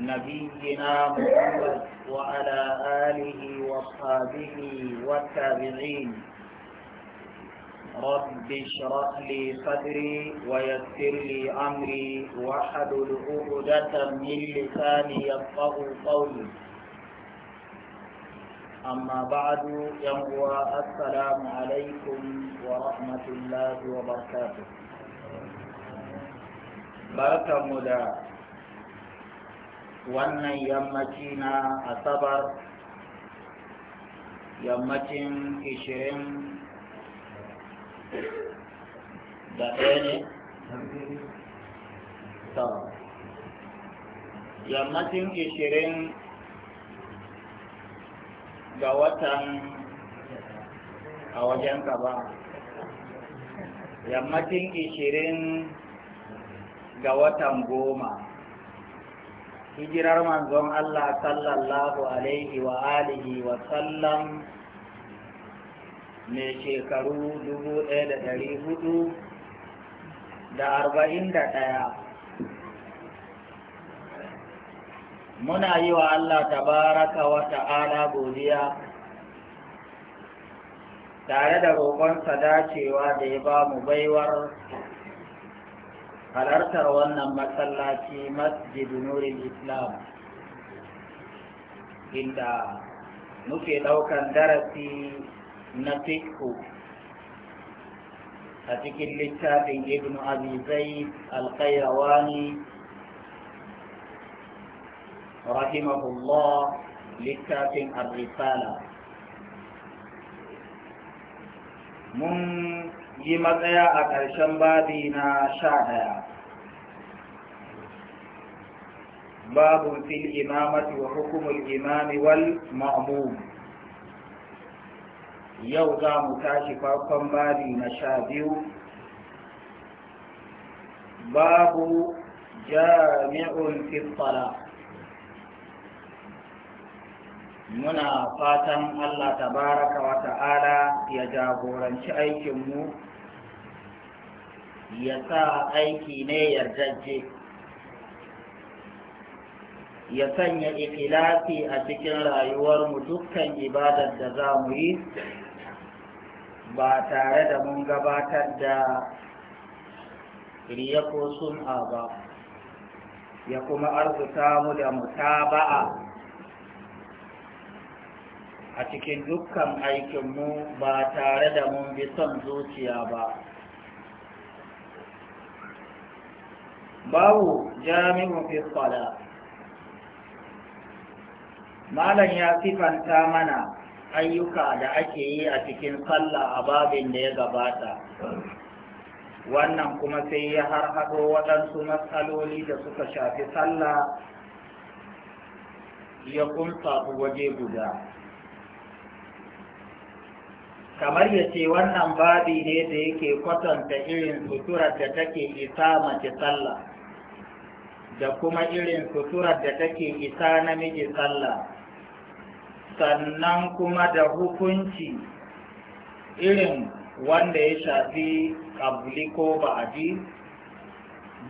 نبينا محمد وعلى آله وصحبه والتابعين رب اشرح لي صدري ويسر لي أمري واحلل عقدة من لساني يفقه قولي أما بعد ينبوى السلام عليكم ورحمة الله وبركاته بارك الله wannan yammaci na asabar yammacin ishirin da ɗaya ne yammacin ishirin ga watan a wajen ba yammacin ishirin ga watan goma hijirar manzon Allah sallallahu alaihi wa alihi wa sallam mai shekaru dubu ɗaya da ɗari hudu da arba'in da ɗaya muna yi wa Allah tabaraka wa ta'ala godiya tare da roƙonsa dacewa da ya ba mu baiwar halartar wannan masallaci masjid nurul islam inda muke ɗaukan darasi na Fikko, a cikin littafin ibn abizai alkairawani rahimahullah littafin arrisala mun yi matsaya a ƙarshen babi na sha ɗaya babu fil imamati wa hukumul imami wal ma'amu yau za mu tashi farkon babi na sha biyu babu jami'un fiffara muna fatan Allah tabaraka wa ta'ala ya jagoranci aikinmu ya sa aiki ne yardajje ya sanya ikilafi a cikin rayuwarmu dukkan ibadar da za mu yi ba tare da mun gabatar da riya ko sun'a ba ya kuma arzuta mu da mutaba'a a cikin dukkan aikinmu ba tare da mun bi son zuciya ba babu jami'un fi sala malam ya sifanta mana ayyuka da ake yi a cikin sallah a babin da ya gabata wannan kuma sai ya harhado waɗansu matsaloli da suka shafi sallah ya kunsa waje guda kamar ya ce wannan babi ne da yake kwatanta irin suturar da take isa mace sallah da kuma irin suturar da take isa namiji sallah sannan kuma da hukunci irin wanda ya shafi ƙabli ko ba'adi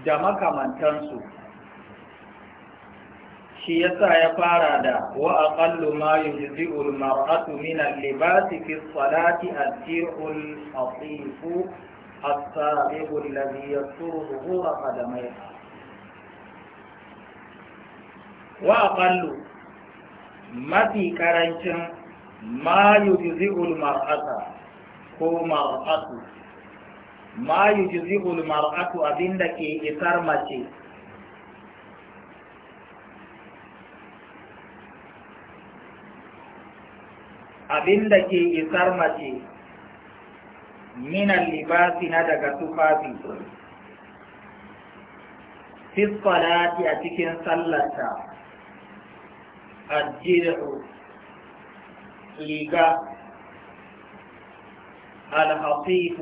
da makamantansu shi yasa ya fara da wa aqallu ma yujzi'u al-mar'atu min al-libasi fi as-salati al-jir'u al-qatifu as-sabibu alladhi yasturu dhuhura qadamayha wa aqallu mafi ƙarancin ma yujzi'ul mar'ata ko mar'atu ma yujzi'ul mar'atu abinda ke isar mace abinda ke isar mace minan libasi na daga tufafi fi salati a cikin sallarta الدرع لقى الحصيف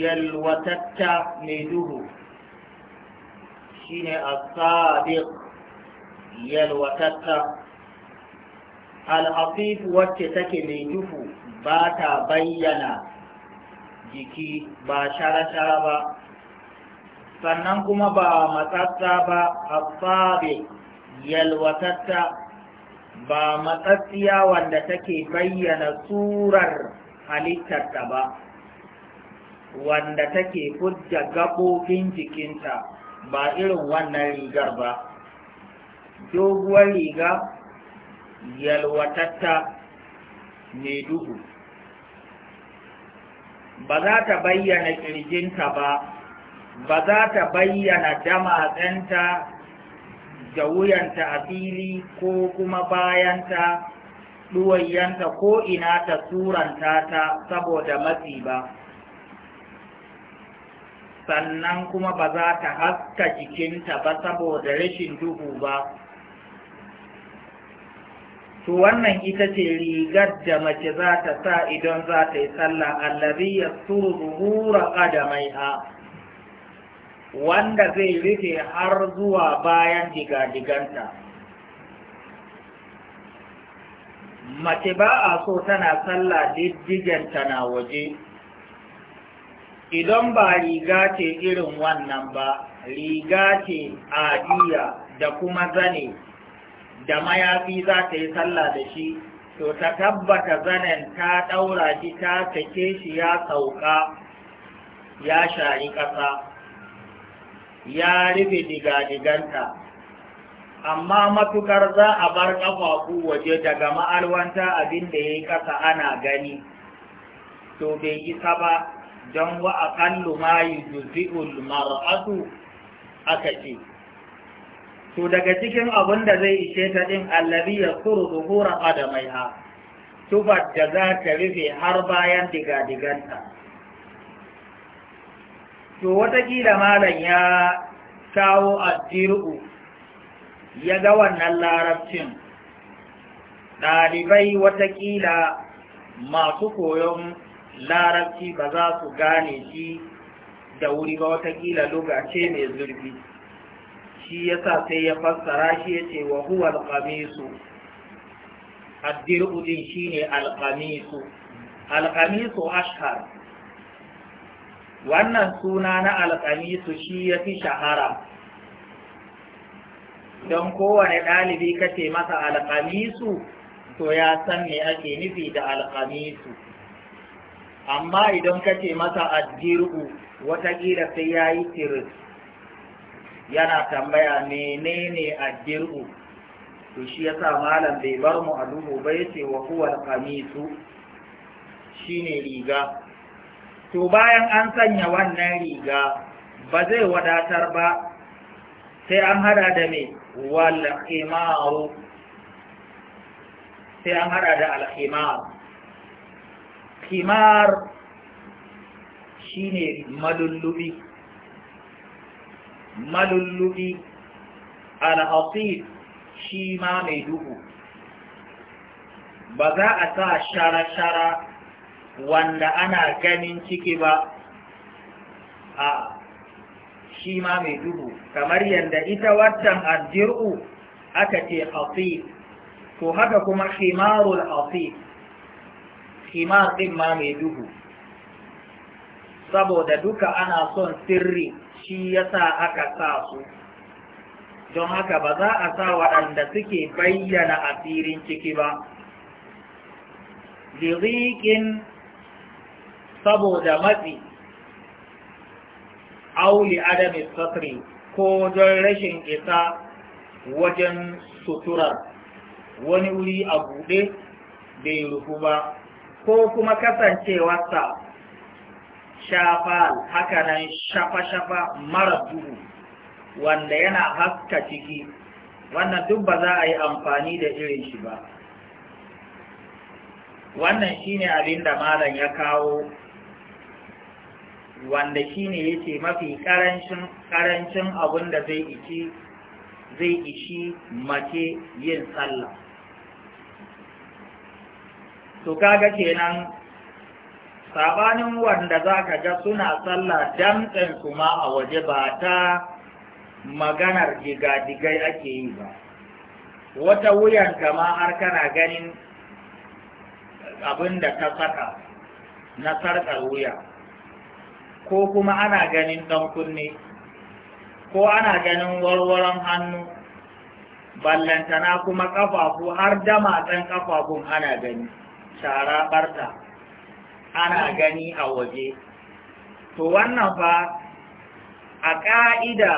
yalwatatta mai duhu shine as-sadiq yalwatatta al-afif wacce take mai duhu ba ta bayyana jiki ba shara-shara ba sannan kuma ba matsatsa ba as-sadiq yalwatatta ba matsatsiya wanda take bayyana surar halittarta ba wanda take fudda gaɓoɓin jikinta ba irin wannan rigar ba doguwar riga yalwatatta ne duhu ba za ta bayyana ƙirjinta ba ba za ta bayyana damatsenta da wuyanta a fili ko kuma bayanta ɗuwayyanta ko ina ta suranta ta saboda matsi ba sannan kuma ba za ta haska jikinta ba saboda rashin duhu ba to wannan ita ce rigar da mace za ta sa idan za ta yi sallah allazi yasturu zuhura qadamaiha wanda zai rufe har zuwa bayan digadiganta mace ba a so tana sallah diddiganta na waje idan ba riga ce irin wannan ba riga ce adiya da kuma zane da mayafi za ta yi sallah da shi to ta tabbata zanen ta ɗaura shi ta sake shi ya sauka ya shari ƙasa ya rufe digadiganta amma matukar za a bar ƙafafu waje daga ma'alwanta abin da ya yi ƙasa ana gani to bai isa ba don wa aƙallu ma yi juzi'ul mar'atu aka ce to daga cikin abin da zai ishe ta ɗin allabi ya suru zuhura ƙadamai ha tufar da za ta rufe har bayan digadiganta to watakila malam ya kawo addiru ya ga wannan larabcin ɗalibai watakila masu koyon larabci ba za su gane shi da wuri ba watakila lugace mai zurfi shi yasa sai ya fassara shi ya ce wa huwa alƙamisu addiru din shine alƙamisu alƙamisu ashkar wannan suna na alƙamisu shi ya fi shahara don kowane ɗalibi kace masa alƙamisu to ya san me ake nufi da alƙamisu amma idan kace masa wata watakila sai ya yi tiris yana tambaya menene Adjiru to shi yasa malam bai bar mu a duhu ba yace wa huwa shi shine riga to bayan an sanya wannan riga ba zai wadatar ba sai an hada da mai wal'imaru sai an hada da al'imar kimar shi ne malullubi malullubi alhassif shi ma mai duhu ba za a sa shara-shara wanda ana ganin ciki ba a shi ma mai duhu kamar yadda ita watan addir'u aka ce hafi ko haka kuma himarul hafi himar ɗin ma mai duhu saboda duka ana son sirri shi yasa aka sa su don haka ba za a sa waɗanda suke bayyana asirin ciki ba lizikin saboda matsi auli adami satri ko don rashin isa wajen suturar, wani wuri a buɗe bai rufu ba ko kuma kasancewarsa shafa hakanan shafa-shafa mara duhu wanda yana haska ciki wannan duk ba za a yi amfani da irin shi ba wannan shine abinda malam ya kawo wanda shine yace mafi karancin karancin abin da zai ici zai ishi mace yin sallah to kaga kenan sabanin wanda zaka ga suna sallah damtsen kuma a waje ba ta maganar digadigai ake yi ba wata wuyan kama har kana ganin abin da ta saka na sarƙar wuya ko kuma ana ganin ɗan kunne ko ana ganin warwaron hannu ballantana kuma ƙafafu har da matan ƙafafun ana gani shara ɓarta ana gani a waje to wannan fa a ƙa'ida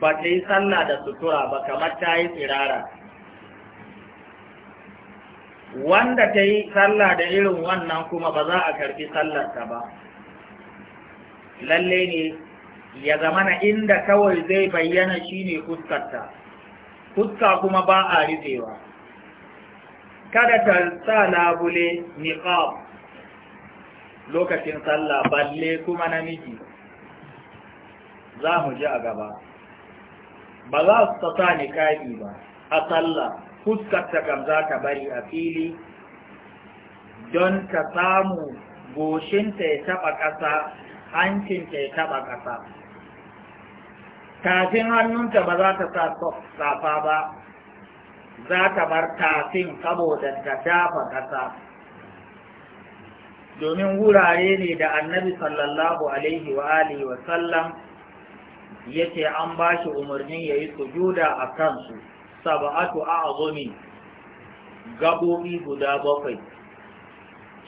ba ta yi sallah da sutura ba kamar ta yi tsirara wanda ta yi sallah da irin wannan kuma ba za a karfi sallarta ba lalle ne ya zamana inda kawai zai bayyana shine fuskarta fuska kuma ba a rufewa kada ta sa labule niqab lokacin sallah balle kuma namiji za mu ji a gaba ba za su sa niqabi ba a sallah fuskarta kam za ta bari a fili don ka samu goshinta ya taɓa ƙasa Hancin ke taɓa ƙasa tafin hannunta ba za ta sa safa ba za ta bar tafin saboda ta dafa ƙasa domin wurare ne da annabi sallallahu alaihi wa alihi wa sallam yake an ba shi umarni ya yi sujuda a kansu saba'atu a azumi gaɓoɓi guda bakwai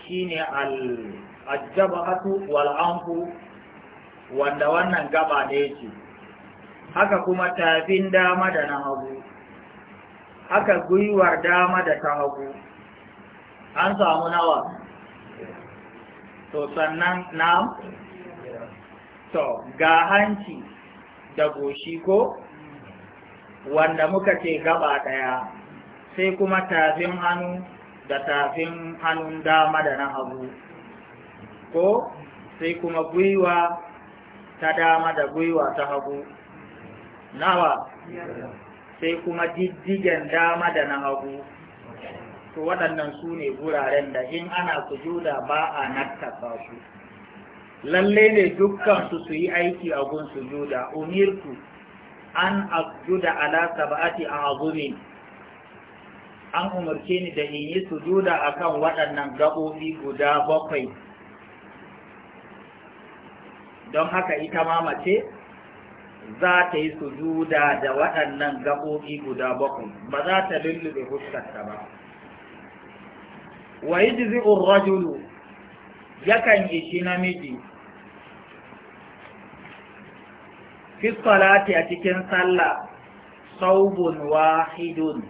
shine al ajjabatu wal anfu wanda wannan gaba ne ce haka kuma tafin dama da na hagu haka gwiwar dama da ta hagu an samu nawa to sannan na to ga hanci da goshi ko wanda muka ce gaba ɗaya sai kuma tafin hannu da tafin hannun dama da na hagu ko sai kuma gwiwa ta dama da gwiwa ta hagu nawa sai kuma diddigen dama da na hagu to waɗannan su ne guraren da in ana sujuda ba a nakasa su lalle ne dukkan su su yi aiki a gun sujuda umirku an asjuda ala a azumin an umarce ni da in yi sujuda akan waɗannan gaɓoɓi guda bakwai don haka ita ma mace za ta yi sujuda da waɗannan gaɓoɓi guda bakwai ba za ta lullube fuskarta ba wa yajzi'ur rajulu yakan shi namiji miji. a cikin sallah saubun wahidun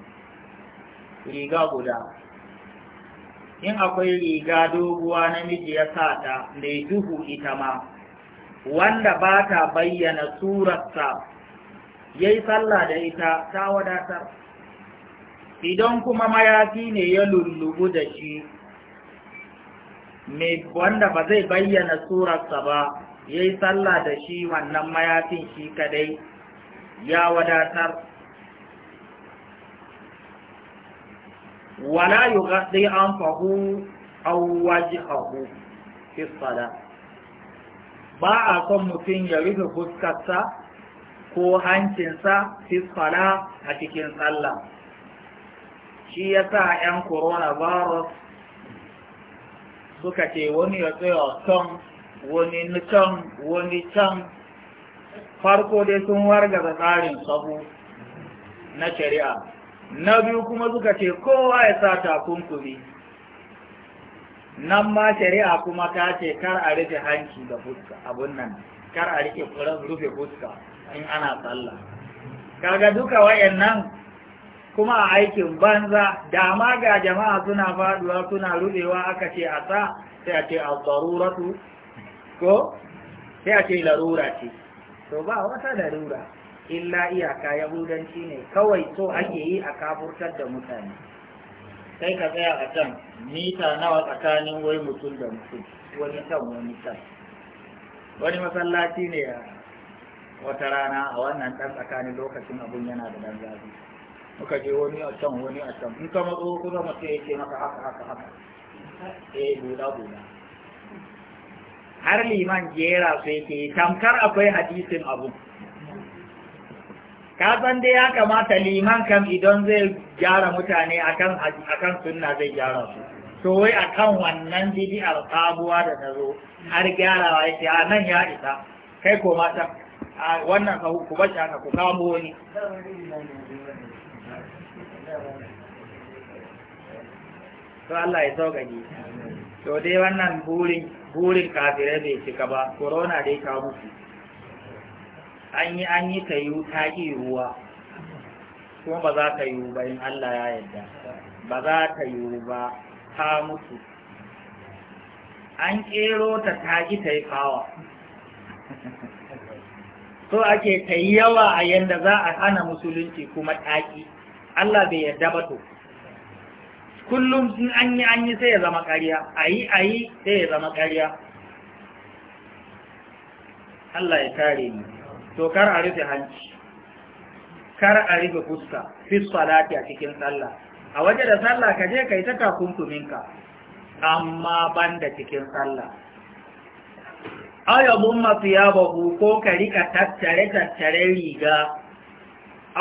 riga guda in akwai riga doguwa namiji ya sata mai duhu ita ma wanda ba ta bayyana surarsa ya yi sallah da ita ta wadatar idan kuma mayafi ne ya lullubu da shi wanda ba zai bayyana surarsa ba ya yi sallah da shi wannan mayafin shi kadai ya wadatar wala yi gaɗi an fahu an hahu fi tsada ba a son mutum ya rufe fuskarsa ko hancinsa fisfala a cikin sallah shi ya sa 'yan coronavirus suka ce wani ya tsaya can wani can wani can farko dai sun wargaza tsarin sabu na shari'a na biyu kuma suka ce kowa ya sa takunkumi nan ma shari'a kuma ta ce kar a rufe hanci da fuska abun nan kar a rike rufe fuska in ana sallah kaga duka wayannan kuma a aikin banza dama ga jama'a suna faduwa suna rudewa aka ce a sa sai a ce a daruratu ko sai a ce larura ce to ba wata larura illa iyaka yahudanci ne kawai so ake yi a kafurtar da mutane sai ka tsaya a can mita nawa tsakanin wai mutum da mutum wani can wani can wani masallaci ne a wata rana a wannan ɗan tsakanin lokacin abun yana da ɗan zafi muka je wani a can wani a can in ka matso kusa mutum ya ce maka haka haka haka eh buɗa buɗa har liman jera su yake tamkar akwai hadisin abu. san dai ya kamata liman kan idan zai gyara mutane akan sunna zai gyara su to wai akan wannan didi sabuwa da nazo har gyarawa yake a nan ya isa kai ko mata a wannan ka ku bashi haka ku kamo wani to Allah ya ni to dai wannan burin burin kafirai bai cika ba corona dai ka musu an yi an yi ka yiwu ta yi ruwa kuma ba za ka yi ba in Allah ya yarda ba za ka yi ba ta mutu an kero ta ta ta yi kawa so ake ta yi yawa a yanda za a hana musulunci kuma taƙi Allah bai yarda ba to kullum sun an yi an yi sai ya zama ƙarya a yi a yi sai ya zama ƙarya Allah ya kare mu to kar a rufe hanci kar a rufe fuska fi salati a cikin sallah a waje da sallah ka je kai ta takunkuminka amma banda cikin sallah ayabun masu Yaba ko ka rika tattare-tattare riga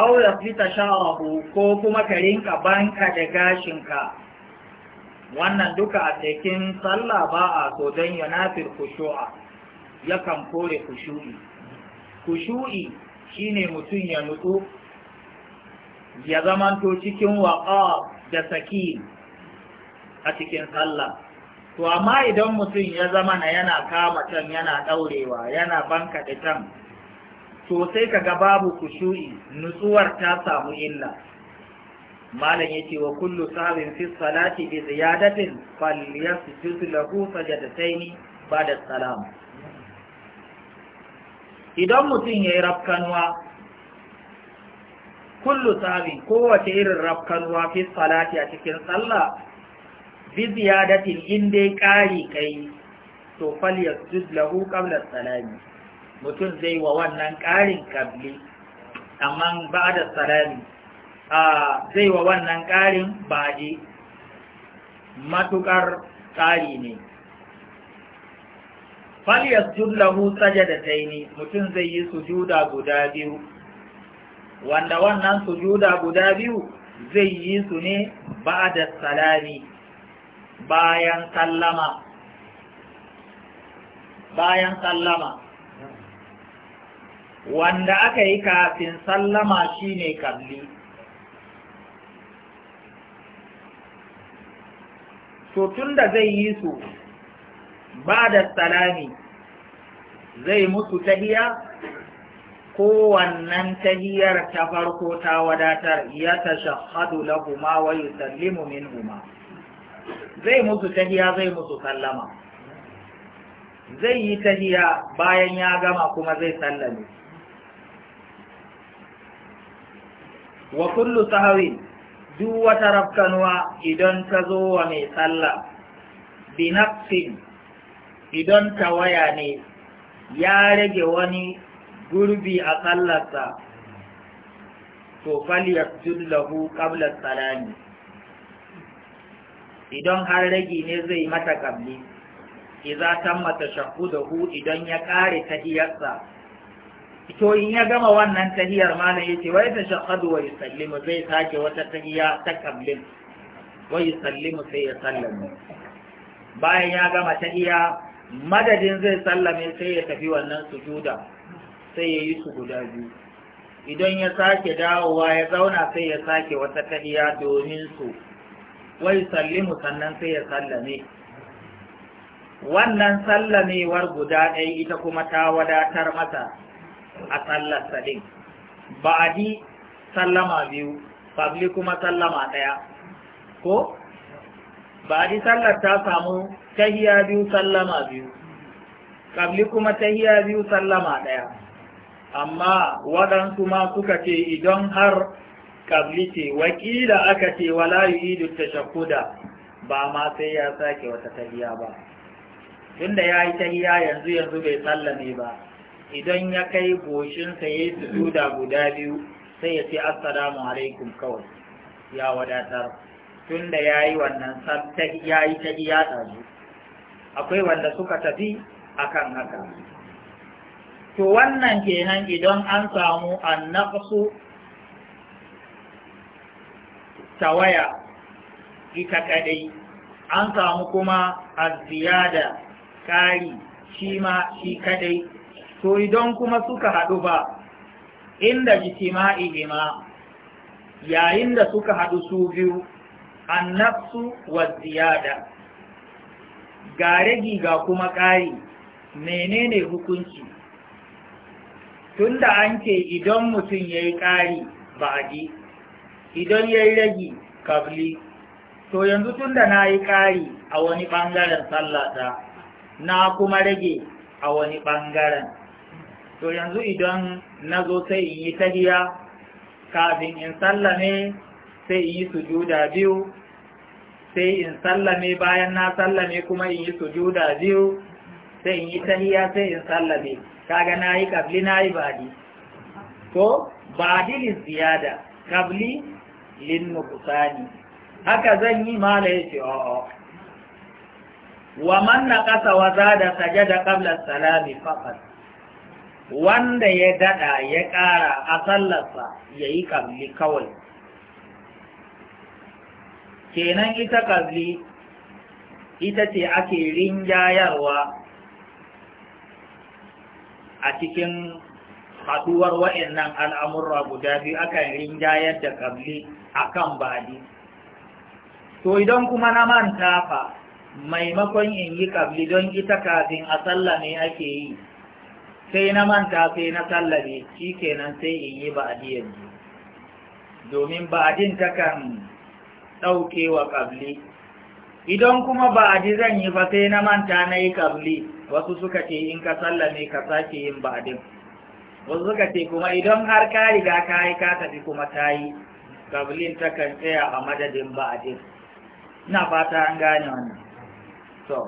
au ya fita sha'ahu ko kuma ka rinka banka da gashinka wannan duka a cikin sallah ba a so don yanafir kushu'a yakan kore kushu'i kushu'i shine mutum ya nutsu ya zamanto cikin waƙa da saki a cikin sallah to amma idan mutum ya zama na yana kama can yana ɗaurewa yana banka da can to sai ka ga babu kushu'i nutsuwar ta samu illa malam yace wa kullu sabin fi salati bi ziyadatin yasjudu lahu ba ba'da salam idan mutum ya yi rafkanuwa kullu sami kowace irin rafkanuwa fi salati a cikin sallah bi ziyadatin inda ya ƙari kai to fal yasjud lahu qabla salami mutum zai wa wannan ƙarin kabli amma da salami a zai wa wannan ƙarin baje matukar ƙari ne ta yi sajadataini mutum zai yi sujuda guda biyu wanda wannan sujuda guda biyu zai yi su ne da salami bayan sallama bayan sallama wanda aka yi kafin sallama shine kabli to da zai yi su ba da salami zai mutu tahiya kowannan tahiyar ta farko ta wadatar ya ta shahadu lahuma wa yusallimu minhuma zai musu tahiya zai musu sallama zai yi tahiya bayan ya gama kuma zai sallame wa kullu sahawi duk wata rafkanuwa idan ta zo wa mai salla bi nafsin idan tawaya ne ya rage wani gurbi a tsallarsa to faliyar tullahu qabla salami idan har ragi ne zai mata kabli idza da hu idan ya kare tahiyarsa to in ya gama wannan tahiyar yi ce, wai ta tashahhadu wa yusallimu zai sake wata tahiya ta kablin wa yusallimu sai ya sallama bayan ya gama tahiya madadin zai sallame sai ya tafi wannan sujuda sai ya yi su guda biyu idan ya sake dawowa ya zauna sai ya sake wata tahiya domin su wai sallimu sannan sai ya sallame wannan sallamewar guda ɗaya ita kuma ta wadatar mata a sallar sadin ba'adi sallama biyu fabli kuma sallama ɗaya ko ba a ji sallar ta samu tahiya biyu sallama biyu kabli kuma tahiya biyu sallama ɗaya amma waɗansu ma suka ce idan har kabli ce wakila aka ce ta yu'idu da, ba ma sai ya sake wata tahiya ba tunda ya yi tahiya yanzu yanzu bai sallame ba idan ya kai goshinsa ya yi guda biyu sai ya ce assalamu alaikum kawai ya wadatar Tunda da ya yi wannan ya yi ta iya ɗazu akwai wanda suka tafi akan haka to wannan kenan idan an samu annaqsu tawaya ita kadai an samu kuma aziyada kari shi ma shi kadai to idan kuma suka haɗu ba inda jitima'i ma yayin da suka haɗu su biyu annafsu wa ziyada ga ragi ga kuma ƙari menene hukunci tunda an ce idan mutum ya yi ƙari ba a idan ya yi ragi kabli to yanzu tunda na yi ƙari a wani ɓangaren sallata na kuma rage a wani ɓangaren to yanzu idan na zo sai in yi tahiya kafin in sallame sai in yi sujuda biyu sai in sallame bayan na sallame kuma in yi sujuda biyu sai in yi tahiya sai in sallame kaga na yi kabli na yi badi to badi li ziyada kabli lin nuqsani haka zan yi mala yace o o wa man naqasa wa zada sajada qabla salami faqat wanda ya dada ya kara a sallarsa yayi kabli kawai kenan ita ƙazli ita ce ake rinjayarwa a cikin haɗuwar wa'annan al'amurra guda biyu akan rinjayar da ƙabli akan baɗi. to idan kuma na manta fa maimakon in yi ƙabli don ita kafin a sallame ake yi sai na manta sai na sallame shi kenan sai in yi ba'adi yanzu domin ba'adin takan ɗauke wa ƙabli idan kuma ba a ji zan yi ba sai na manta na yi ƙabli wasu suka ce in ka sallame ka sake yin ba'adin wasu suka ce kuma idan har ka riga ka yi ka tafi kuma ta yi ƙablin ta kan tsaya a madadin ba'adin ina fata an gane wannan So,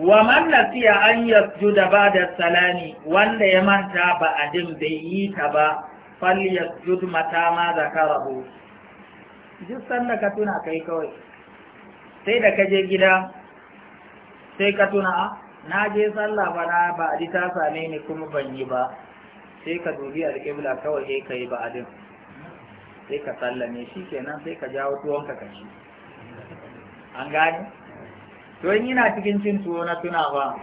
wa man nasiya an yasjuda ba'da salami wanda ya manta ba'adin bai yi ta ba falyasjud mata ma rabu duk sanda ka tuna kai kawai sai da ka je gida sai ka tuna ah, na je sallah bana ba a ta same ni kuma ban yi ba sai ka dubi alƙibla kawai sai ka yi ba'adin sai ka sallame shi kenan sai ka jawo tuwonka ka ci an gane to yi na cikin cin tuwo na tuna ba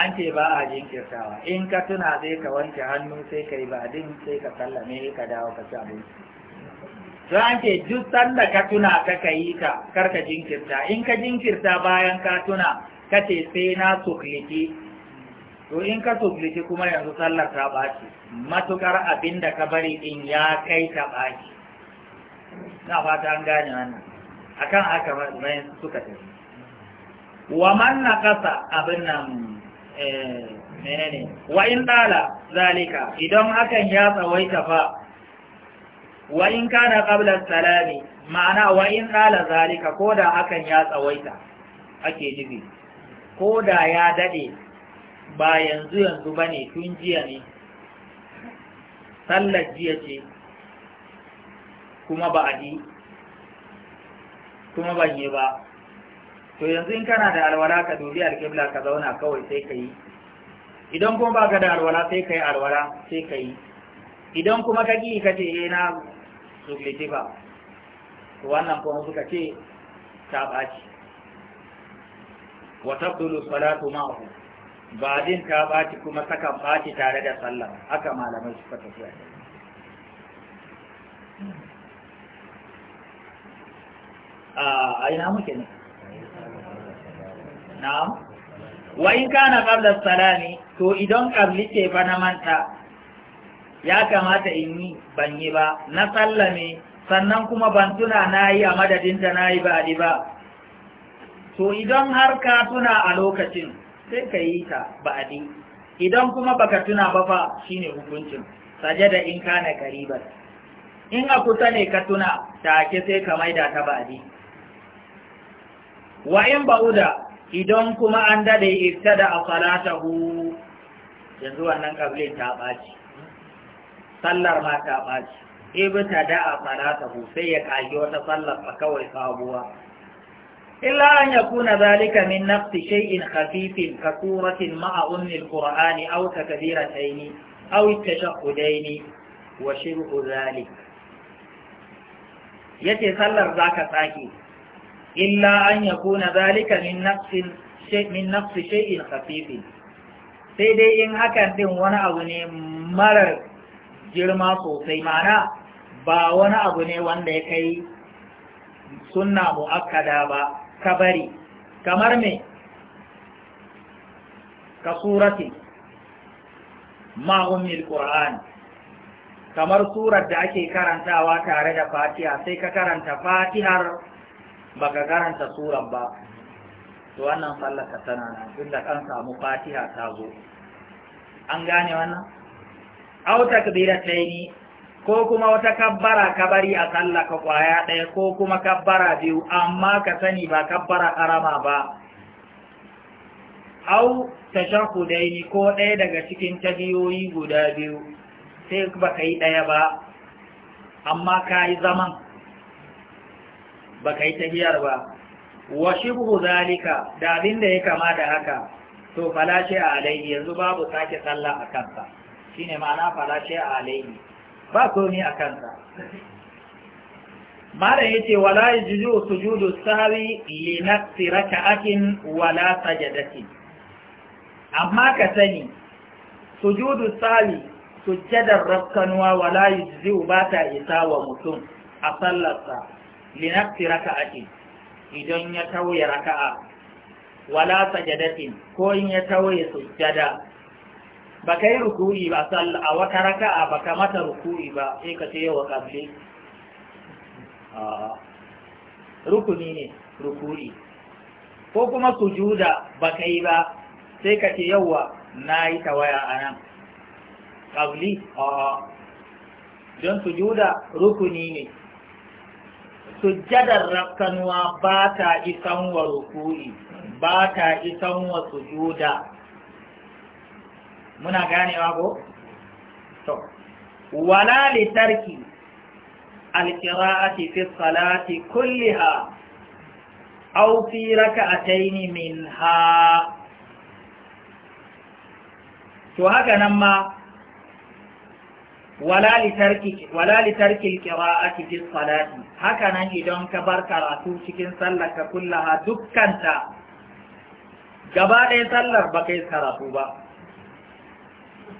an ce ba a jinkirtawa in ka tuna sai ka wanke hannu sai ka yi ba din, sai ka sallame ka dawo ka ci abinci To an ce duk sanda ka tuna ka ka yi ka ka jinkirta in ka jinkirta bayan ka tuna ka ce sai na sukliki to in ka sukliki kuma yanzu sallar ta ɓaci matukar abin da ka bari din ya kai ta ɓaci na fata an gane wannan akan haka bayan suka tafi wa man naqasa abin nan Eh, menene wa in dala zalika idan hakan ya tsawaita fa wa in kana qabla salami ma'ana wa in dala zalika koda hakan ya tsawaita ake Ko koda ya dade ba yanzu yanzu bane tun jiya ne sallar jiya ce kuma ba a ji kuma ban yi ba to yanzu in kana da alwala ka dubi alƙibla ka zauna kawai sai ka yi idan kuma ba ka da alwala sai ka yi alwala sai ka yi idan kuma ka ƙi ka ce eh na sukliti ba wannan kuma suka ce ta ɓaci wa tabdulu salatu ma'ahu ba din ta ɓaci kuma sakan ɓaci tare da sallah haka malamai suka tafi a a ina muke ne na'am wa in kana qabla salami to idan qabli ce fa na manta ya kamata in yi ban yi ba na sallame sannan kuma ban tuna nayi a madadin ta nayi ba ba to idan har ka tuna a lokacin sai ka yi ta ba di idan kuma baka tuna ba fa shine hukuncin da in kana qariban in a kusa ne ka tuna take sai ka maida ta ba di wa in ba'uda idan kuma an dade iftada a salatahu yanzu wannan kabilin ta ɓaci sallar ma ta ɓaci ibtada a hu, sai ya kage wata sallar ta kawai sabuwa illa an yakuna zalika min naqti shay'in khafifin ka suratin ma'a ummi alqur'ani aw takbirataini aw tashahhudaini wa shibhu zalik yace sallar zaka sake illa an yakuna zalika min nafsin min nafsi sai dai in hakan din wani abu ne marar girma sosai mana ba wani abu ne wanda ya kai sunna mu'akkada ba bari, kamar me ka surati ma ummil kamar surar da ake karantawa tare da fatiha sai ka karanta fatihar baka karanta suran ba to wannan ka tana nan tunda kan samu fatiha ta zo an gane wannan aw tayni ko kuma wata kabbara kabari a ka kwaya ɗaya ko kuma kabbara biyu amma ka sani ba kabbara karama ba au tashahudaini ko ɗaya daga cikin tahiyoyi guda biyu sai ba kai yi ɗaya ba amma ka yi zaman ba ka yi hiyar ba wa shibhu zalika da abin da ya kama da haka to falashe a alaihi yanzu babu sake sallah a kansa shine ma'ana falashe a alaihi ba komi a kansa mara yace wala juju sujudu sahwi li nafsi raka'atin wala sajadati amma ka sani sujudu sahwi sujjadar rakkanuwa wala juju ba ta isa wa mutum a sallarsa linafsi raka'atin idan ya tauye raka'a wala sajadatin ko in ya tauye sujjada Ba kai ruku'i ba sallah a wata raka'a baka mata ruku'i ba sai ka ce wa kabli rukuni ne ruku'i ko kuma sujuda ba kai ba sai ka ce yawa na yi tawaya a nan ƙabli don sujuda rukuni ne sujjadar rakkanuwa ba ta isan wa rukuri ba ta isan wa sujuda muna ganewa ko? to wala litarki alƙira'ati fi salati kulliha aw fi raka'ataini minha to haka nan ma wala li tarki qira'ati fi salati haka nan idan ka bar karatu cikin sallar ka dukkan dukkanta gaba ɗaya sallar ba kai karatu ba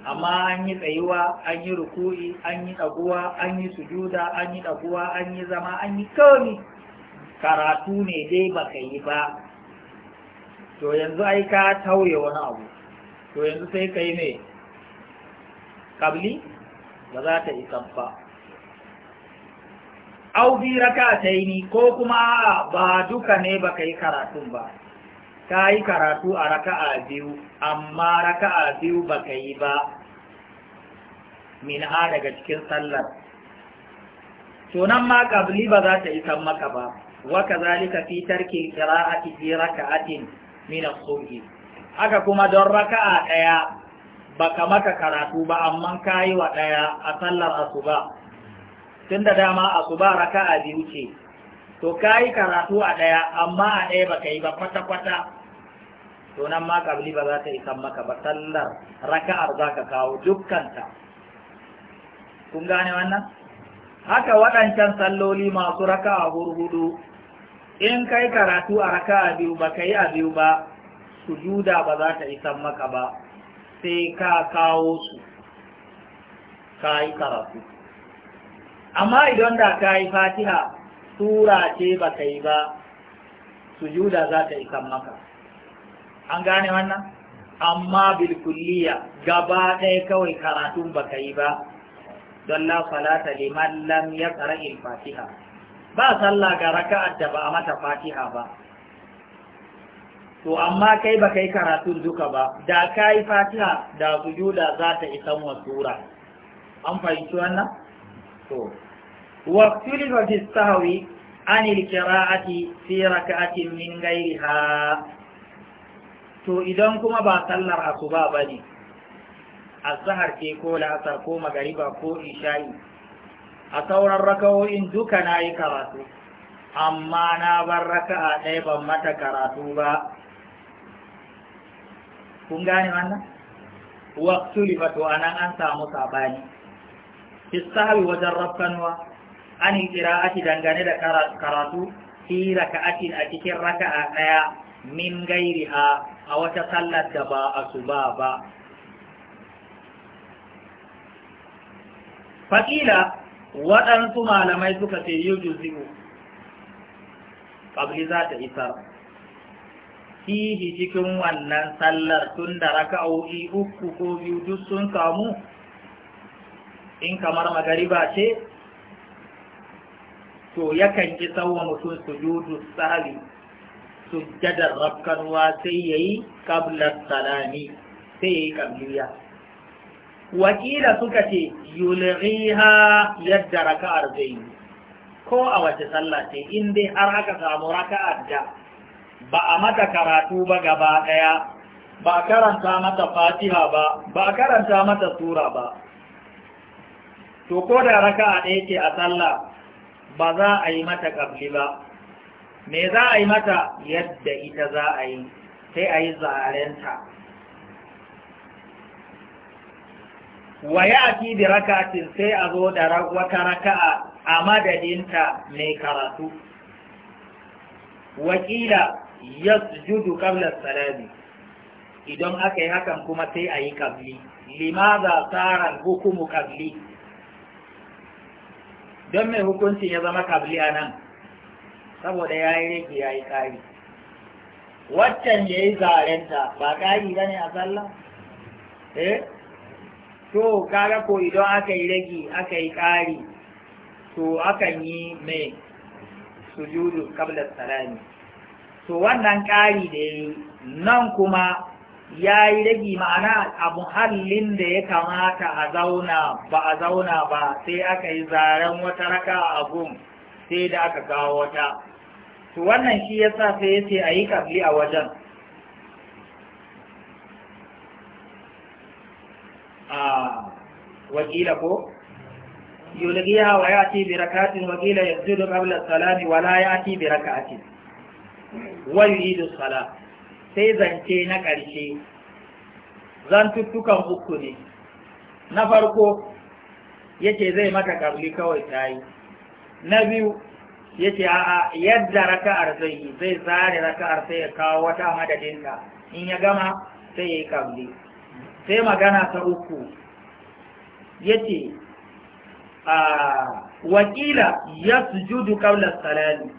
amma an yi tsayuwa an yi ruku'i an yi ɗaguwa an yi sujuda an yi ɗaguwa an yi zama an yi komi karatu ne dai ba ka yi ba to yanzu ai ka tauye wani abu to yanzu sai ka yi me kabli ba za ta isa ba au bi ni ko kuma ba duka ne ba yi karatun ba ka yi karatu a raka a biyu amma raka a biyu ba ka yi ba min a daga cikin sallar tunan ma kabli ba za ta isa maka ba wa kazalika fi tarki qira'ati fi raka'atin min a haka kuma don raka a ɗaya. ba ka karatu ba amma ka yi wa ɗaya a sallar asuba tun da dama asuba raka a biyu ce to ka yi karatu a ɗaya amma a ɗaya ba ka yi ba kwata-kwata to nan ma kabli ba za ta isan maka ba sallar raka'ar za ka kawo dukkanta kun gane wannan haka waɗancan salloli masu raka'a hurhudu in kai karatu a raka'a biyu ba ka yi a biyu ba sujuda ba za ta isan maka ba sai ka kawo su ka yi karatu amma idan da ka yi fatiha tura ce ba ka yi ba sujuda za ta ikan maka an gane wannan amma bilkulliya gaba ɗaya kawai karatun ba ka yi ba don la ta liman lam ya fatiha ba sallah ga raka'ar da ba a mata fatiha ba to amma kai ba kai karatun duka ba da ka yi fatiha da sujuda za ta isan wa sura an fahimci wannan to wa tulifa wa tisawi an ilkira'ati fi rak'atin min ghairiha to idan kuma ba sallar asuba bane azhar ke ko la'asar ko magariba ko isha'i a sauran rakawoyin duka na yi karatu amma na bar raka'a ɗaya ban mata karatu ba kun gane wannan wa sulifa anan an samu sabani fi sahwi wajen rafkanwa an qira'ati dangane da karatu fi raka'atin a cikin raka'a daya min gairi a wata sallar da ba a suba ba Fakila waɗansu malamai suka ce yi juzi'u ƙabli za ta isar fihi cikin wannan sallar tun da raka'o'i uku ko biyu duk sun samu in kamar magariba ce to yakan ki tsawon mutum su sujudu su sujjadar rakkanwa sai ya yi qabla salami sai ya yi qabliya wakila suka ce ha yadda raka'ar zai ko a wace sallah ce in dai har aka samu raka'ar da ba a mata karatu ba gaba ɗaya ba a karanta mata fatiha ba ba a karanta mata sura ba to ko da raka a ɗaya ce a sallah ba za a yi mata ƙabli ba me za a yi mata yadda ita za a yi sai a yi zarenta wa ya ake da rakatin sai a zo da wata raka a madadinta mai karatu wakila yasjudu qabla salami idan aka yi hakan kuma sai ayi qabli kabli limaza hukumu kabli don mai hukunci ya zama kabli anan. saboda yayi yi rage ya yi ƙari waccan ya zarenta ba ƙari bane a sallah eh to kaga ko idan aka yi rage aka yi ƙari to akan yi mai sujudu kabla salami to wannan ƙari da yi nan kuma ya yi ragi ma'ana a muhallin da ya kamata a zauna ba a zauna ba sai aka yi zaren wata raka a gun sai da aka kawo wata to wannan shi ya sa sai ya ce a yi kabli a wajen a wakila ko yulgiya wa ya ce birakatin wakila yanzu da kabla salami wala ya ce birakatin wayyidu sala sai zance na ƙarshe zantuttukan uku ne na farko yace zai mata kabli kawai tayi na biyu yace a'a yadda raka'ar zai yi zai tsare raka'ar sai ya kawo wata madadinta in ya gama sai ya yi kabli sai magana ta uku yace a ah, wakila ya sujudu kabla salami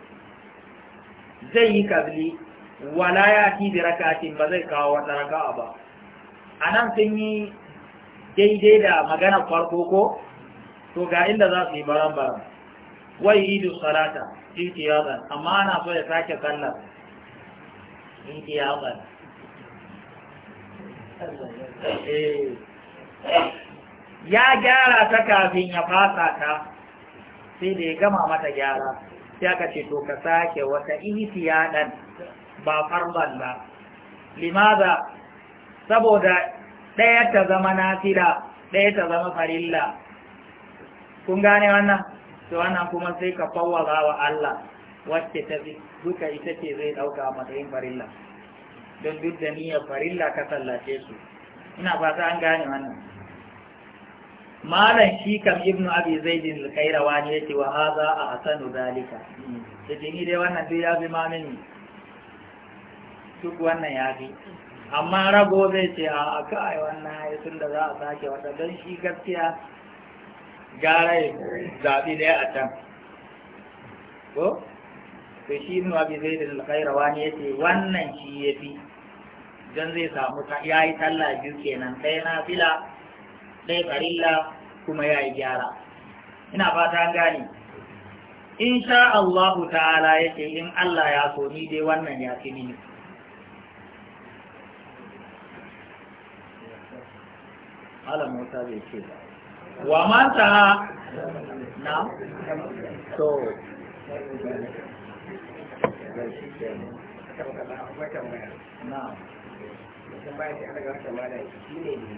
zai yi kabli wala ya fi bi raka'atin ba zai kawo wata raka'a ba anan sun yi daidai da magana farko ko to ga inda za su yi baran baran wai idu salata intiyazan amma ana so ya sake sallar intiyazan eh. ya gyara ta kafin ya fasa ta sai da ya gama mata gyara ya kace to ka sake wata ihtiyadan ba farban ba limaza saboda ɗaya ta zama nafila ɗaya ta zama farilla kun gane wannan to wannan kuma sai ka fawwaza wa Allah wacce ta duka ita ce zai ɗauka a matsayin farilla don duk da niyyar farilla ka sallace su ina fata an gane wannan malam shi kam ibnu abi zaidin al-kairawa ne yace wa a hasanu dalika sai ni dai wannan duk ya bi ma mini duk wannan ya bi amma rago zai ce a kai wannan ya tun da za a sake wata don shi gaskiya gara ya zaɓi ɗaya a can ko to shi ibnu abi zaidin al-kairawa ne yace wannan shi ya fi don zai samu ya yi talla biyu kenan ɗaya na fila ɗaya farilla kuma ya yi gyara ina fata gane in sha Allahu ta'ala yake in Allah ya so ni dai wannan ya fi mini Alam Musa bai ce ba wa mata na so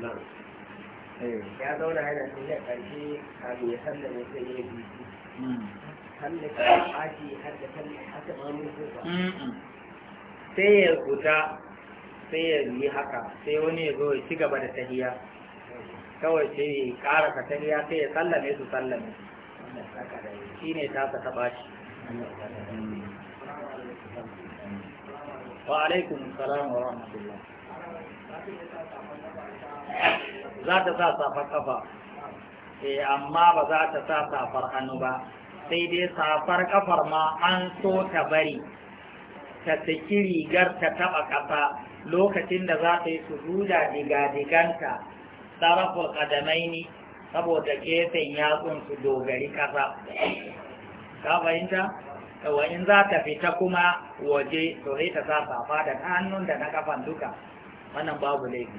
na ya zauna yana tafiya ƙarshe kafin ya sallame sai ya yi tallata ake har da haka ma mun sai ya fita sai ya yi haka sai wani ya zo ya ci gaba da tahiya kawai sai ya ƙara ka tahiya sai ya sallame su sallame shi ne ta ta taɓa shi wa alaikum salam wa rahmatullah za ta sa safar kafa eh amma ba za ta sa safar hannu ba sai dai safar kafar ma an so ta bari ta saki rigar ta taba kasa lokacin da za ta yi sujuda diga-diganta sarrafa kadamaini saboda ya yatsun su dogari kasa ka fahimta wa in za ta fita kuma waje to sai ta sa safa da hannun da na kafan duka wannan babu laifi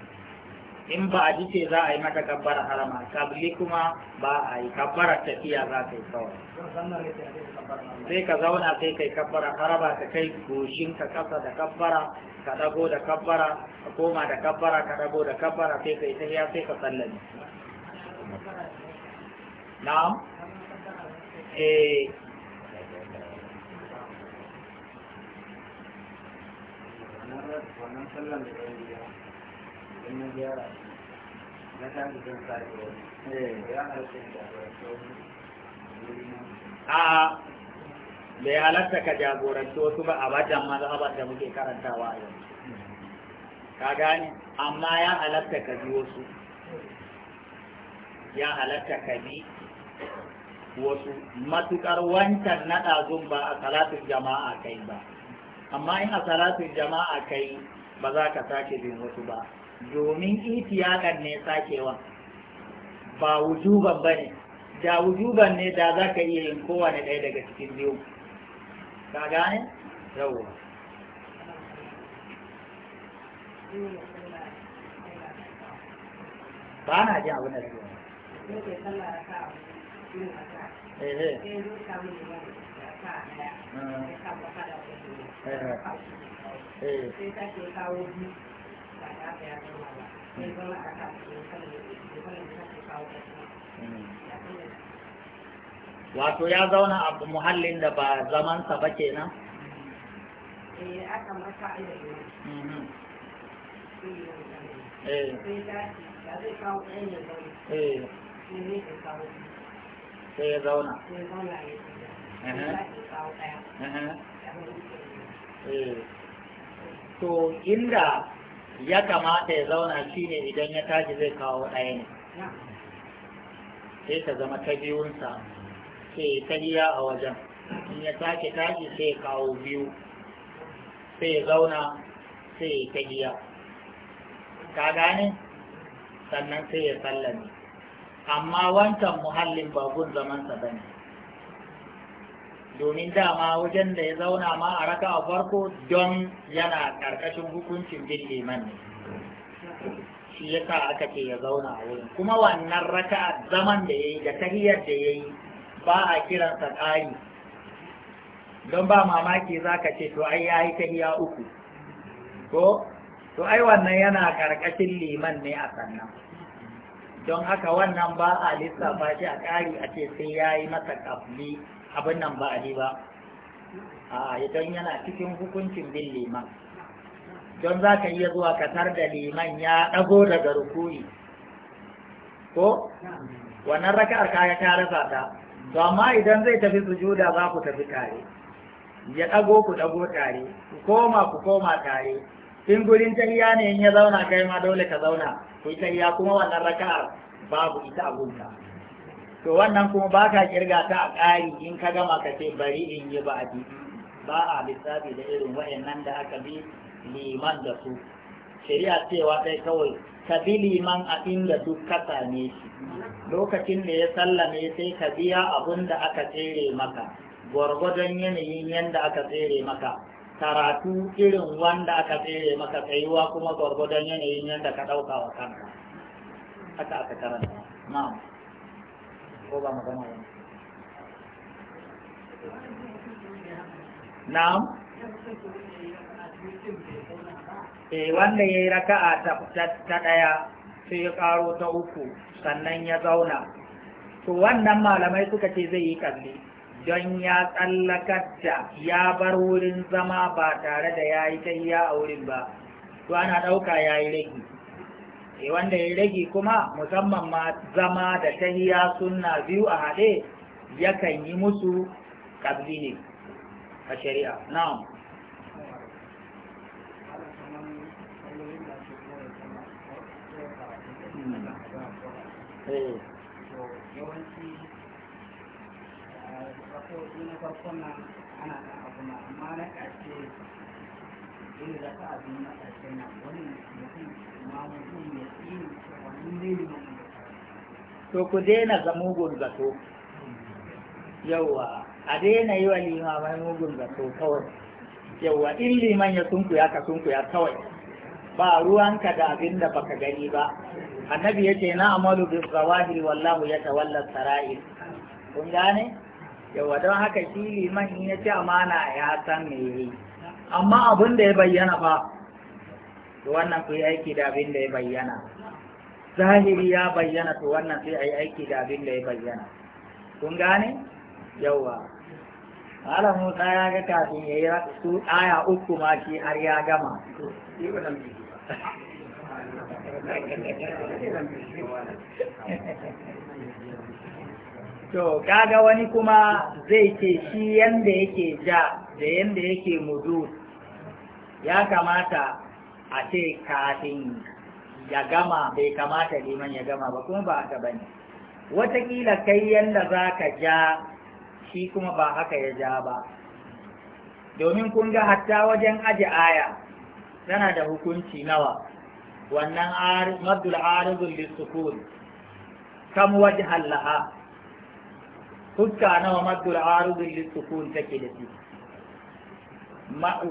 in ba a ji ce za a yi mata kabbar harama kabli kuma ba a yi kabbar tafiya za ka yi kawai sai ka zauna sai kai kabbar harama ka kai goshin ka kasa da kabbara ka dago da kabbara ka koma da kabbara ka dago da kabbara sai yi tafiya sai ka sallame na'am eh wannan sallan da Eh. a bai halatta ka jagoranci wasu ba a wajen mazhabar da muke karantawa a yanzu ka gani amma ya halatta ka bi wasu ya halatta ka bi wasu matukar wancan na ɗazun ba a salatun jama'a kai ba amma in a salatun jama'a kai ba za ka sake bin wasu ba domin itiyakan ne sakewa ba wujuban ba ne da wujuban ne da za iya yin kowane ɗaya daga cikin biyu ka gane? yawwa ba na jin abin da Eh. wato ya zauna a muhallin da ba zamansa ba kenan? eh aka zauna to inda ya kamata ya zauna shi ne idan ya tashi zai kawo ɗaya ne sai ta zama ta biyunsa sai ta biya a wajen in ya tashi tashi sai kawo biyu sai ya zauna sai ta biya ka gane sannan sai ya sallame amma wancan muhallin ba gun zamansa ba ne domin dama wajen da ya zauna ma a raka a farko don yana ƙarƙashin hukuncin bin liman ne shi ya sa aka ce ya zauna a wurin kuma wannan raka zaman da ya yi da tahiyar da ya yi ba a kiransa ƙari don ba mamaki za ka ce to ai ya yi tahiya uku ko to ai wannan yana ƙarƙashin liman ne a sannan don haka wannan ba a lissafa shi a ƙari a ce sai ya yi masa ƙafli abin nan ba a ba a idan yana cikin hukuncin bin liman don za ka iya zuwa katar da liman ya ɗago daga rukuni ko wannan raka'ar kaya ta rasa ta to amma idan zai tafi sujuda za ku tafi tare ya ɗago ku ɗago tare ku koma ku koma tare in gurin tahiya ne in ya zauna kai ma dole ka zauna ku yi tahiya kuma wannan raka'ar babu ita abunta to wannan kuma ba ka kirga ta a ƙari in ka gama ka ce bari in yi ba a ba a lissafi da irin wa'annan da aka bi liman da su shari'a cewa sai kawai ka bi liman a inda duk ka same shi lokacin da ya sallame sai ka biya abun da aka tsere maka gwargwadon yanayin yanda aka tsere maka karatu irin wanda aka tsere maka tsayuwa kuma gwargwadon yanayin yadda ka ɗauka wa kanka haka aka karanta na'am ko ba magana ba na'am eh wanda yayi raka'a ta ta daya sai ya karo ta uku sannan ya zauna to wannan malamai suka ce zai yi kalli don ya tsallakar da ya bar wurin zama ba tare da ya yi ta iya a wurin ba to ana ɗauka ya yi rage Eh, wanda ya rage kuma musamman ma zama da tahiya sunna biyu a haɗe kan yi musu ƙabli ne a shari'a na'am yawanci ana amma na ƙarshe to ku daina ga mugun zato Yawwa, a daina yi wa limamai mugun zato kawai Yawwa, in liman ya sunkuya ka sunkuya kawai ba ruwanka da abin da baka gani ba annabi ya ce na amalu bi zawahir wallahu ya tawalla sara'il kun gane Yawwa, don haka shi liman in ya ce amana ya san me yi amma abin da ya bayyana ba to wannan ku yi aiki da abin da ya bayyana zahiri ya bayyana to wannan sai a yi aiki da abin da ya bayyana kun gane yauwa malam musa ya ga kafin ya yi su aya uku ma shi har ya gama to kaga wani kuma zai ce shi yanda yake ja da yanda yake mudu ya kamata a ce kafin ya gama bai kamata liman ya gama ba kuma ba haka bane wataƙila kai yadda za ka ja shi kuma ba haka ya ja ba domin kun ga hatta wajen aji aya tana da hukunci nawa wannan maddul arizul lissukun kam wajhan laha fuska nawa maddul arizul lissukun take da shi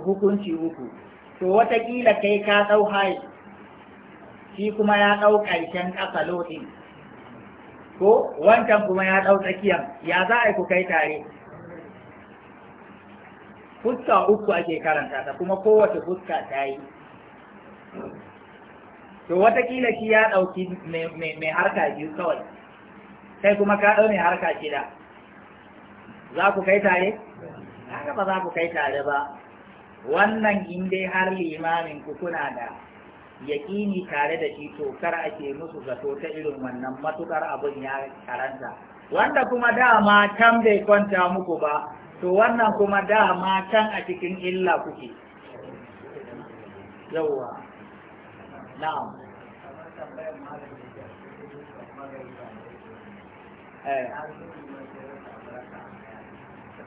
hukunci uku to watakila kai ka ɗau hayi shi kuma ya ɗau ƙarshen ƙasa lotin ko wancan kuma ya ɗau tsakiyan ya za a yi ku kai tare fuska uku ake karanta ta kuma kowace fuska ta yi to watakila shi ya ɗauki mai harka biyu kawai sai kuma ka ɗau mai harka shida za ku kai tare? haka ba za ku kai tare ba wannan in dai har limamin ku kuna da yaƙini tare da shi to kar ake musu zato ta irin wannan matukar abin ya karanta wanda kuma dama can bai kwanta muku ba to wannan kuma dama can a cikin illa kuke yawwa na'am eh.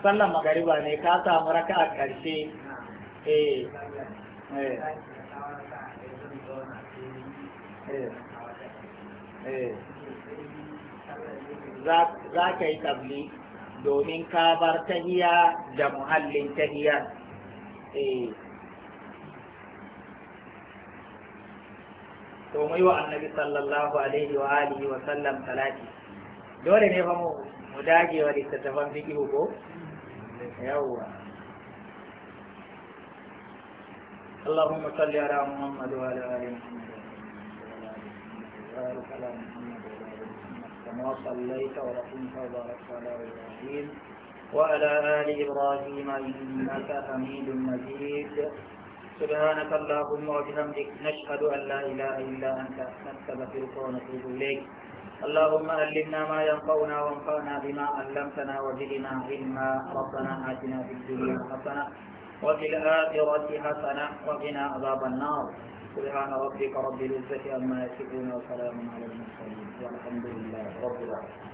sallan magariba ne ka samu raka a ƙarshe Eh, eh, eh, za ka yi tabli domin ka bar tahiya da muhallin tahiya eh to mu yi wa annabi sallallahu alaihi wa alihi wa sallam salati dole ne fa mu da dage wa littattafan fiqh ko yawwa اللهم صل على محمد وعلى ال محمد وبارك على محمد وعلى ال محمد كما صليت ورحمت وباركت على ابراهيم وعلى ال ابراهيم انك حميد مجيد سبحانك اللهم وبحمدك نشهد ان لا اله الا انت نستغفرك ونتوب اليك اللهم علمنا ما ينفعنا وانفعنا بما علمتنا وزدنا علما ربنا اتنا في الدنيا حسنه وفي الآخرة حسنة وقنا عذاب النار سبحان ربك رب العزة عما يصفون وسلام على المرسلين والحمد لله رب العالمين